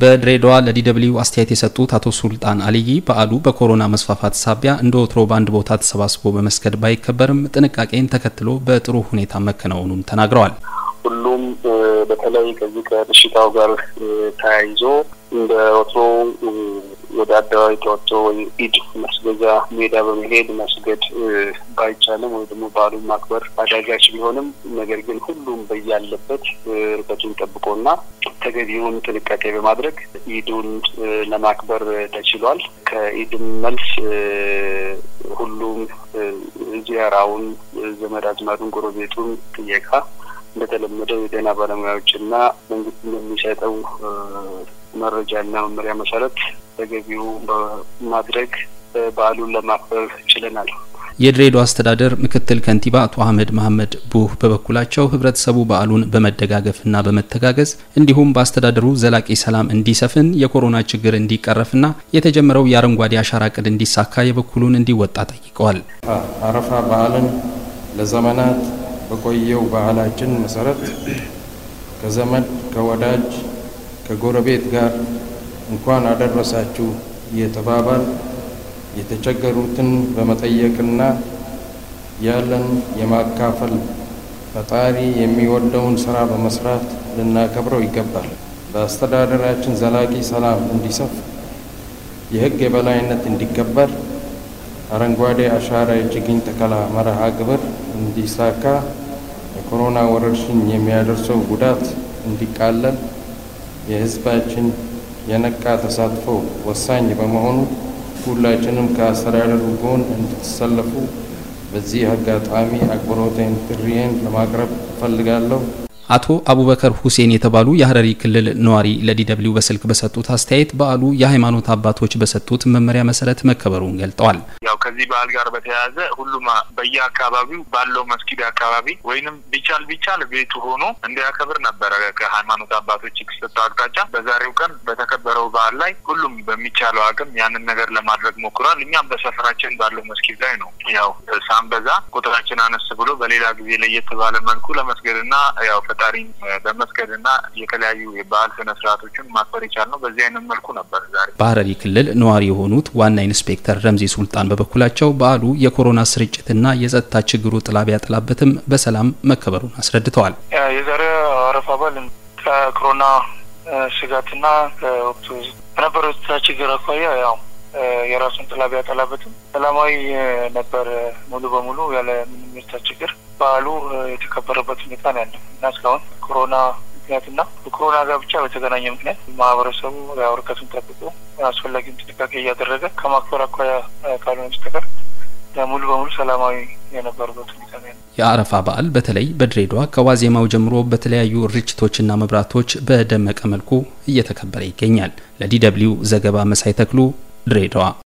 በድሬዳዋ ለዲደብሊው አስተያየት የሰጡት አቶ ሱልጣን አልይ በዓሉ በኮሮና መስፋፋት ሳቢያ እንደ ወትሮ በአንድ ቦታ ተሰባስቦ በመስገድ ባይከበርም ጥንቃቄን ተከትሎ በጥሩ ሁኔታ መከናወኑን ተናግረዋል። ሁሉም በተለይ ከዚህ ከበሽታው ጋር ተያይዞ እንደ ወትሮ ወደ አደባባይ ተወጥቶ ወይ ኢድ መስገጃ ሜዳ በመሄድ መስገድ ባይቻልም ወይ ደግሞ በዓሉን ማክበር አዳጋች ቢሆንም ነገር ግን ሁሉም በያለበት ርቀቱን ጠብቆና ተገቢውን ጥንቃቄ በማድረግ ኢዱን ለማክበር ተችሏል። ከኢድም መልስ ሁሉም ዚያራውን ዘመድ አዝማዱን፣ ጎረቤቱን ጥየቃ እንደተለመደው የጤና ባለሙያዎችና መንግስት የሚሰጠው መረጃና መመሪያ መሰረት በገቢው በማድረግ በዓሉን ለማክበር ችለናል። የድሬዳዋ አስተዳደር ምክትል ከንቲባ አቶ አህመድ መሐመድ ቡህ በበኩላቸው ህብረተሰቡ በዓሉን በመደጋገፍና በመተጋገዝ እንዲሁም በአስተዳደሩ ዘላቂ ሰላም እንዲሰፍን የኮሮና ችግር እንዲቀረፍና የተጀመረው የአረንጓዴ አሻራ እቅድ እንዲሳካ የበኩሉን እንዲወጣ ጠይቀዋል። አረፋ በዓልን ለዘመናት በቆየው ባህላችን መሰረት ከዘመድ ከወዳጅ ከጎረቤት ጋር እንኳን አደረሳችሁ እየተባባል የተቸገሩትን በመጠየቅና ያለን የማካፈል ፈጣሪ የሚወደውን ስራ በመስራት ልናከብረው ይገባል። በአስተዳደራችን ዘላቂ ሰላም እንዲሰፍ የሕግ የበላይነት እንዲከበር አረንጓዴ አሻራ የችግኝ ተከላ መርሃ ግብር እንዲሳካ የኮሮና ወረርሽኝ የሚያደርሰው ጉዳት እንዲቃለል የሕዝባችን የነቃ ተሳትፎ ወሳኝ በመሆኑ ሁላችንም ከአስተዳደሩ ጎን እንድትሰለፉ በዚህ አጋጣሚ አክብሮቴን ጥሪዬን ለማቅረብ እፈልጋለሁ። አቶ አቡበከር ሁሴን የተባሉ የሀረሪ ክልል ነዋሪ ለዲደብሊው በስልክ በሰጡት አስተያየት በዓሉ የሃይማኖት አባቶች በሰጡት መመሪያ መሰረት መከበሩን ገልጠዋል። ያው ከዚህ በዓል ጋር በተያያዘ ሁሉም በየአካባቢው ባለው መስጊድ አካባቢ ወይንም ቢቻል ቢቻል ቤቱ ሆኖ እንዲያከብር ነበረ ከሃይማኖት አባቶች የተሰጠው አቅጣጫ። በዛሬው ቀን በተከበረው በዓል ላይ ሁሉም በሚቻለው አቅም ያንን ነገር ለማድረግ ሞክሯል። እኛም በሰፈራችን ባለው መስጊድ ላይ ነው ያው ሳንበዛ ቁጥራችን አነስ ብሎ በሌላ ጊዜ ለየት ባለ መልኩ ለመስገድና ያው ፈጣሪን በመስገድ ና የተለያዩ የባህል ስነ ስርዓቶችን ማክበር የቻል ነው። በዚህ አይነት መልኩ ነበር ዛሬ። ሐረሪ ክልል ነዋሪ የሆኑት ዋና ኢንስፔክተር ረምዚ ሱልጣን በበኩላቸው በዓሉ የኮሮና ስርጭትና የጸጥታ ችግሩ ጥላ ቢያጥላበትም በሰላም መከበሩን አስረድተዋል። የዛሬ አረፋ በዓል ከኮሮና ስጋትና ወቅቱ ከነበረው ጸጥታ ችግር አኳያ ያው የራሱን ጥላ ቢያጠላበትም ሰላማዊ ነበር ሙሉ በሙሉ ያለ ምንም ችግር በዓሉ የተከበረበት ሁኔታ ነው ያለው እና እስካሁን ኮሮና ምክንያትና በኮሮና ጋር ብቻ በተገናኘ ምክንያት ማህበረሰቡ ያው ርቀቱን ጠብቆ አስፈላጊውን ጥንቃቄ እያደረገ ከማክበር አኳያ ካልሆነ በስተቀር ሙሉ በሙሉ ሰላማዊ የነበሩበት ሁኔታ ነው። የአረፋ በዓል በተለይ በድሬዳዋ ከዋዜማው ጀምሮ በተለያዩ ርችቶችና መብራቶች በደመቀ መልኩ እየተከበረ ይገኛል። ለዲ ደብልዩ ዘገባ መሳይ ተክሉ ድሬዳዋ